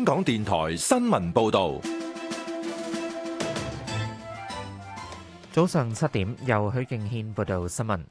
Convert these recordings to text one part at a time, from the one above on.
香港電台新聞報道，早上七點由許敬軒報道新聞。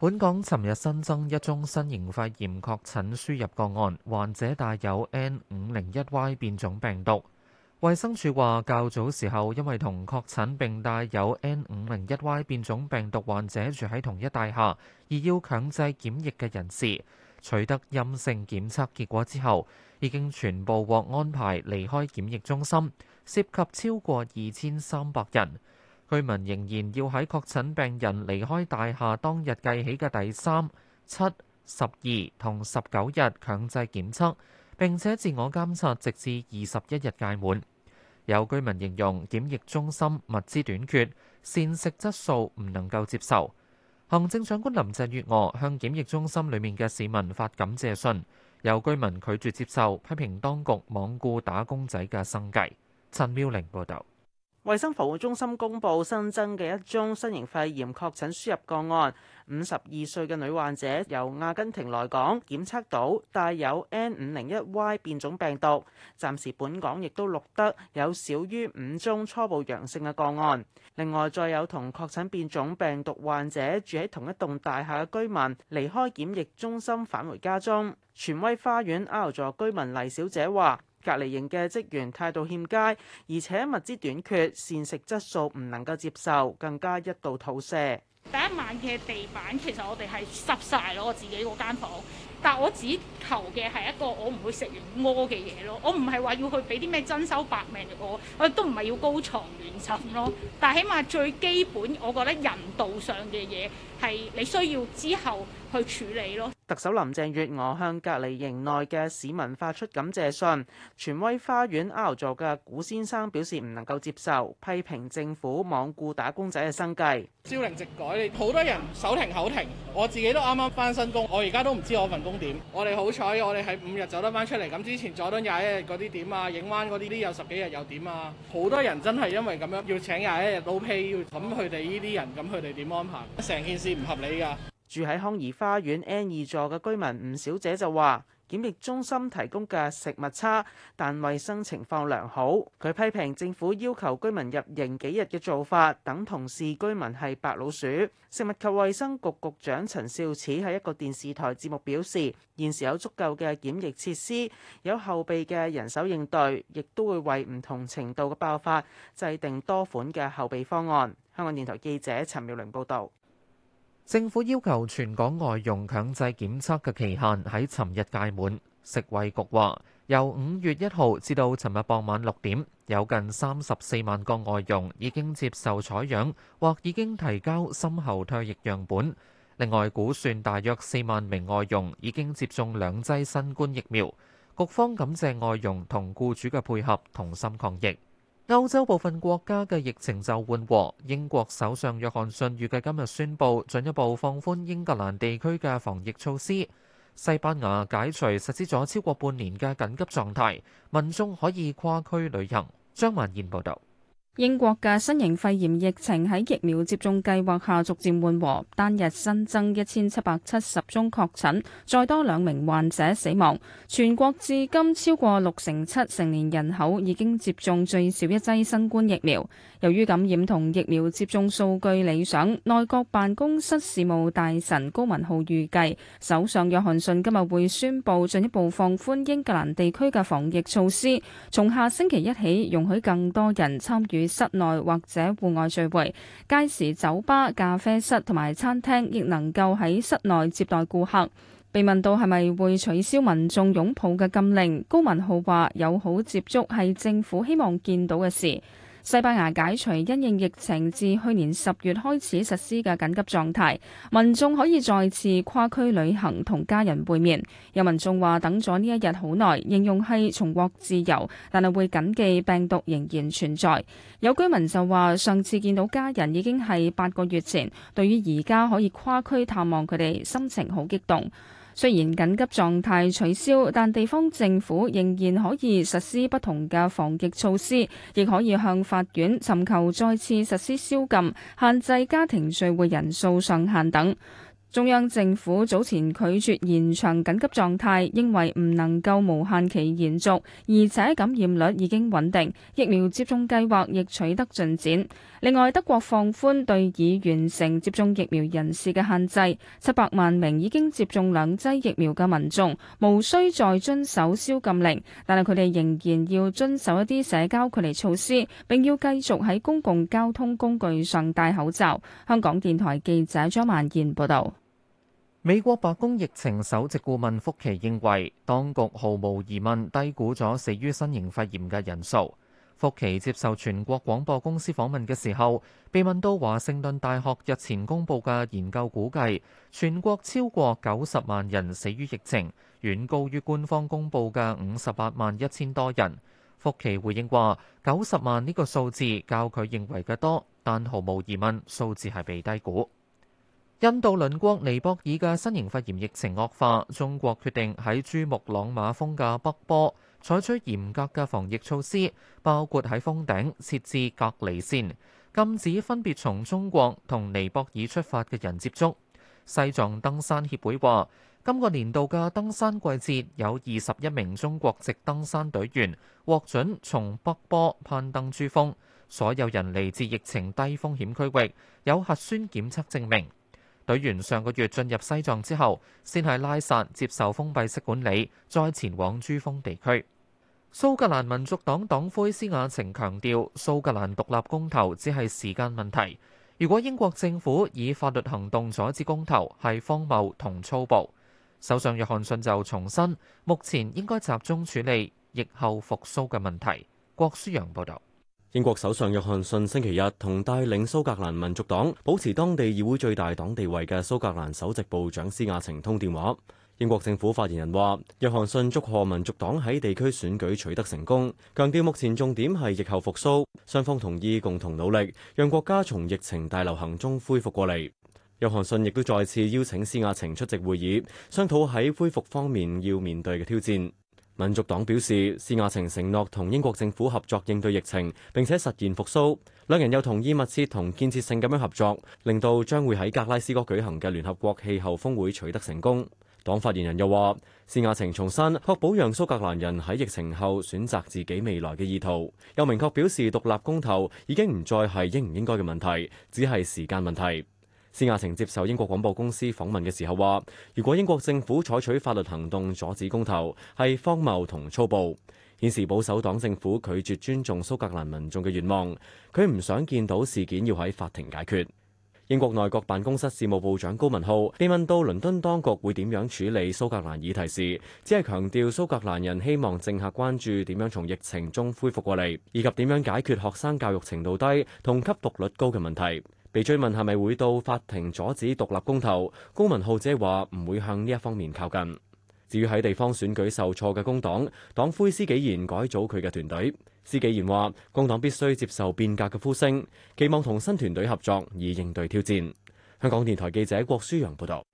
本港尋日新增一宗新型肺炎確診輸入個案，患者帶有 N 五零一 Y 變種病毒。衛生署話，較早時候因為同確診並帶有 N 五零一 Y 變種病毒患者住喺同一大廈，而要強制檢疫嘅人士取得陰性檢測結果之後。已經全部獲安排離開檢疫中心，涉及超過二千三百人。居民仍然要喺確診病人離開大廈當日計起嘅第三、七、十二同十九日強制檢測，並且自我監察直至二十一日屆滿。有居民形容檢疫中心物資短缺，膳食質素唔能夠接受。行政長官林鄭月娥向檢疫中心裡面嘅市民發感謝信。有居民拒絕接受，批評當局罔顧打工仔嘅生計。陳妙玲報導。衞生防護中心公布新增嘅一宗新型肺炎確診輸入個案，五十二歲嘅女患者由阿根廷來港，檢測到帶有 N 五零一 Y 變種病毒。暫時本港亦都錄得有少於五宗初步陽性嘅個案。另外，再有同確診變種病毒患者住喺同一棟大廈嘅居民離開檢疫中心返回家中。荃威花園 R 座居民黎小姐話。隔離營嘅職員態度欠佳，而且物資短缺，膳食質素唔能夠接受，更加一度吐瀉。第一晚嘅地板其實我哋係濕晒咯，我自己嗰間房。但我只求嘅係一個我唔會食完屙嘅嘢咯，我唔係話要去俾啲咩珍饈百味我，我都唔係要高床軟枕咯。但起碼最基本，我覺得人道上嘅嘢係你需要之後去處理咯。特首林鄭月娥向隔離營內嘅市民發出感謝信。荃威花園 R 座嘅古先生表示唔能夠接受，批評政府罔顧打工仔嘅生計，朝令夕改，好多人手停口停，我自己都啱啱翻新工，我而家都唔知我份工。點？我哋好彩，我哋喺五日走得翻出嚟。咁之前佐敦廿一日嗰啲點啊，影灣嗰啲呢有十幾日又點啊？好多人真係因為咁樣要請廿一日到屁，要諗佢哋呢啲人，咁佢哋點安排？成件事唔合理噶。住喺康怡花園 N 二座嘅居民吳小姐就話。檢疫中心提供嘅食物差，但衛生情況良好。佢批評政府要求居民入營幾日嘅做法，等同視居民係白老鼠。食物及衛生局局長陳肇始喺一個電視台節目表示，現時有足夠嘅檢疫設施，有後備嘅人手應對，亦都會為唔同程度嘅爆發制定多款嘅後備方案。香港電台記者陳妙玲報道。政府要求全港外傭強制檢測嘅期限喺尋日屆滿。食衛局話，由五月一號至到尋日傍晚六點，有近三十四萬個外傭已經接受採樣或已經提交深喉唾液樣本。另外估算大約四萬名外傭已經接種兩劑新冠疫苗。局方感謝外傭同雇主嘅配合，同心抗疫。歐洲部分國家嘅疫情就緩和，英國首相約翰遜預計今日宣布進一步放寬英格蘭地區嘅防疫措施。西班牙解除實施咗超過半年嘅緊急狀態，民眾可以跨區旅行。張萬燕報道。英國嘅新型肺炎疫情喺疫苗接種計劃下逐漸緩和，單日新增一千七百七十宗確診，再多兩名患者死亡。全國至今超過六成七成年人口已經接種最少一劑新冠疫苗。由於感染同疫苗接種數據理想，內閣辦公室事務大臣高文浩預計，首相約翰遜今日會宣布進一步放寬英格蘭地區嘅防疫措施，從下星期一起容許更多人參與。室內或者戶外聚會、街市、酒吧、咖啡室同埋餐廳亦能夠喺室內接待顧客。被問到係咪會取消民眾擁抱嘅禁令，高文浩話友好接觸係政府希望見到嘅事。西班牙解除因應疫情至去年十月開始實施嘅緊急狀態，民眾可以再次跨區旅行同家人會面。有民眾話等咗呢一日好耐，形容係重獲自由，但係會謹記病毒仍然存在。有居民就話上次見到家人已經係八個月前，對於而家可以跨區探望佢哋，心情好激動。雖然緊急狀態取消，但地方政府仍然可以實施不同嘅防疫措施，亦可以向法院尋求再次實施宵禁、限制家庭聚會人數上限等。中央政府早前拒絕延長緊急狀態，因為唔能夠無限期延續，而且感染率已經穩定，疫苗接種計劃亦取得進展。另外，德國放寬對已完成接種疫苗人士嘅限制，七百萬名已經接種兩劑疫苗嘅民眾無需再遵守宵禁令，但係佢哋仍然要遵守一啲社交距離措施，並要繼續喺公共交通工具上戴口罩。香港電台記者張曼燕報道。美國白宮疫情首席顧問福奇認為當局毫無疑問低估咗死於新型肺炎嘅人數，福奇接受全國廣播公司訪問嘅時候，被問到華盛頓大學日前公布嘅研究估計全國超過九十萬人死於疫情，遠高於官方公布嘅五十八萬一千多人。福奇回應話：九十萬呢個數字較佢認為嘅多，但毫無疑問數字係被低估。印度鄰國尼泊爾嘅新型肺炎疫情惡化，中國決定喺珠穆朗瑪峰嘅北坡採取嚴格嘅防疫措施，包括喺峰頂設置隔離線，禁止分別從中國同尼泊爾出發嘅人接觸。西藏登山協會話，今個年度嘅登山季節有二十一名中國籍登山隊員獲准從北坡攀登珠峰，所有人嚟自疫情低風險區域，有核酸檢測證明。隊員上個月進入西藏之後，先係拉薩接受封閉式管理，再前往珠峰地區。蘇格蘭民族黨黨魁施雅晴強調，蘇格蘭獨立公投只係時間問題。如果英國政府以法律行動阻止公投，係荒謬同粗暴。首相約翰遜就重申，目前應該集中處理疫後復甦嘅問題。郭舒陽報導。英國首相約翰遜星，星期日同帶領蘇格蘭民族黨保持當地議會最大黨地位嘅蘇格蘭首席部長施雅晴通電話。英國政府發言人話：約翰遜祝賀民族黨喺地區選舉取得成功，強調目前重點係疫後復甦，雙方同意共同努力，讓國家從疫情大流行中恢復過嚟。約翰遜亦都再次邀請施雅晴出席會議，商討喺恢復方面要面對嘅挑戰。民族黨表示，施亞晴承諾同英國政府合作應對疫情，並且實現復蘇。兩人又同意密切同建設性咁樣合作，令到將會喺格拉斯哥舉行嘅聯合國氣候峰會取得成功。黨發言人又話，施亞晴重申確保讓蘇格蘭人喺疫情後選擇自己未來嘅意圖，又明確表示獨立公投已經唔再係應唔應該嘅問題，只係時間問題。施雅晴接受英國廣播公司訪問嘅時候話，如果英國政府採取法律行動阻止公投，係荒謬同粗暴，顯示保守黨政府拒絕尊，尊重蘇格蘭民眾嘅願望。佢唔想見到事件要喺法庭解決。英國內閣辦公室事務部長高文浩被問到倫敦當局會點樣處理蘇格蘭議題時，只係強調蘇格蘭人希望政客關注點樣從疫情中恢復過嚟，以及點樣解決學生教育程度低同吸毒率高嘅問題。被追問係咪會到法庭阻止獨立公投，公民浩就話唔會向呢一方面靠近。至於喺地方選舉受挫嘅工黨黨魁施紀賢改組佢嘅團隊，施紀賢話工黨必須接受變革嘅呼聲，期望同新團隊合作以應對挑戰。香港電台記者郭舒揚報導。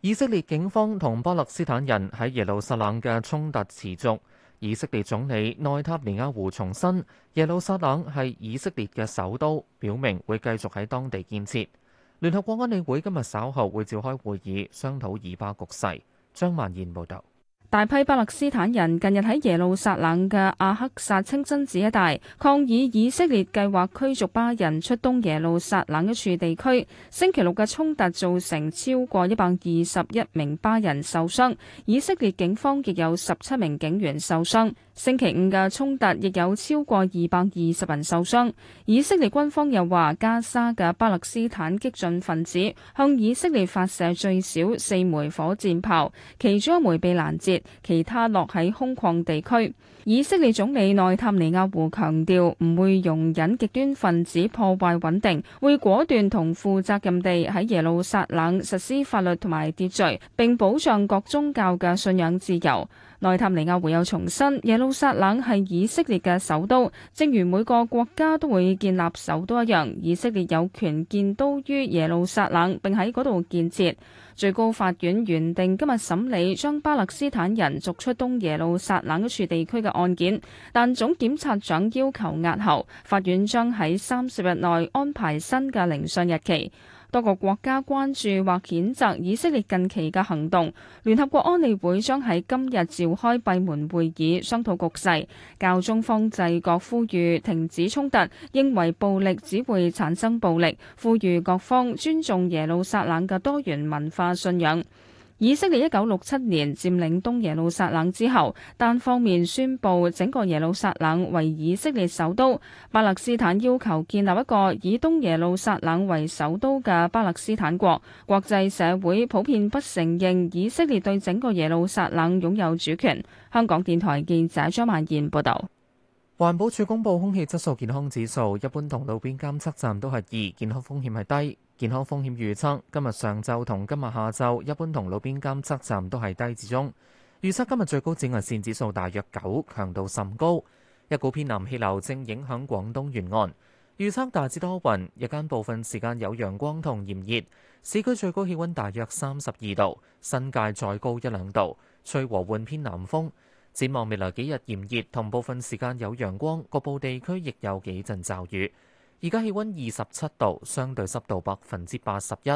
以色列警方同巴勒斯坦人喺耶路撒冷嘅衝突持續。以色列總理內塔尼亞胡重申，耶路撒冷係以色列嘅首都，表明會繼續喺當地建設。聯合國安理會今日稍後會召開會議，商討以巴局勢。張曼燕報導。大批巴勒斯坦人近日喺耶路撒冷嘅阿克薩清真寺一帶抗議，以以色列計劃驅逐巴人出東耶路撒冷一處地區。星期六嘅衝突造成超過一百二十一名巴人受傷，以色列警方亦有十七名警員受傷。星期五嘅衝突亦有超過二百二十人受傷。以色列軍方又話，加沙嘅巴勒斯坦激進分子向以色列發射最少四枚火箭炮，其中一枚被攔截，其他落喺空曠地區。以色列總理內塔尼亞胡強調，唔會容忍極端分子破壞穩定，會果斷同負責任地喺耶路撒冷實施法律同埋秩序，並保障各宗教嘅信仰自由。內塔尼亞胡又重申，耶路撒冷係以色列嘅首都。正如每個國家都會建立首都一樣，以色列有權建都於耶路撒冷並喺嗰度建設。最高法院原定今日審理將巴勒斯坦人逐出東耶路撒冷一處地區嘅案件，但總檢察長要求押後，法院將喺三十日內安排新嘅聆訊日期。多個國家關注或譴責以色列近期嘅行動，聯合國安理會將喺今日召開閉門會議商討局勢，教宗方濟各呼籲停止衝突，認為暴力只會產生暴力，呼籲各方尊重耶路撒冷嘅多元文化信仰。以色列一九六七年佔領東耶路撒冷之後，單方面宣布整個耶路撒冷為以色列首都。巴勒斯坦要求建立一個以東耶路撒冷為首都嘅巴勒斯坦國。國際社會普遍不承認以色列對整個耶路撒冷擁有主權。香港電台記者張曼燕報導。環保署公布空氣質素健康指數，一般同路邊監測站都係二，健康風險係低。健康風險預測今日上晝同今日下晝，一般同路邊監測站都係低至中。預測今日最高紫外線指數大約九，強度甚高。一股偏南氣流正影響廣東沿岸，預測大致多雲，日間部分時間有陽光同炎熱。市區最高氣温大約三十二度，新界再高一兩度，吹和緩偏南風。展望未來幾日炎熱，同部分時間有陽光，局部地區亦有幾陣驟雨。而家氣温二十七度，相對濕度百分之八十一。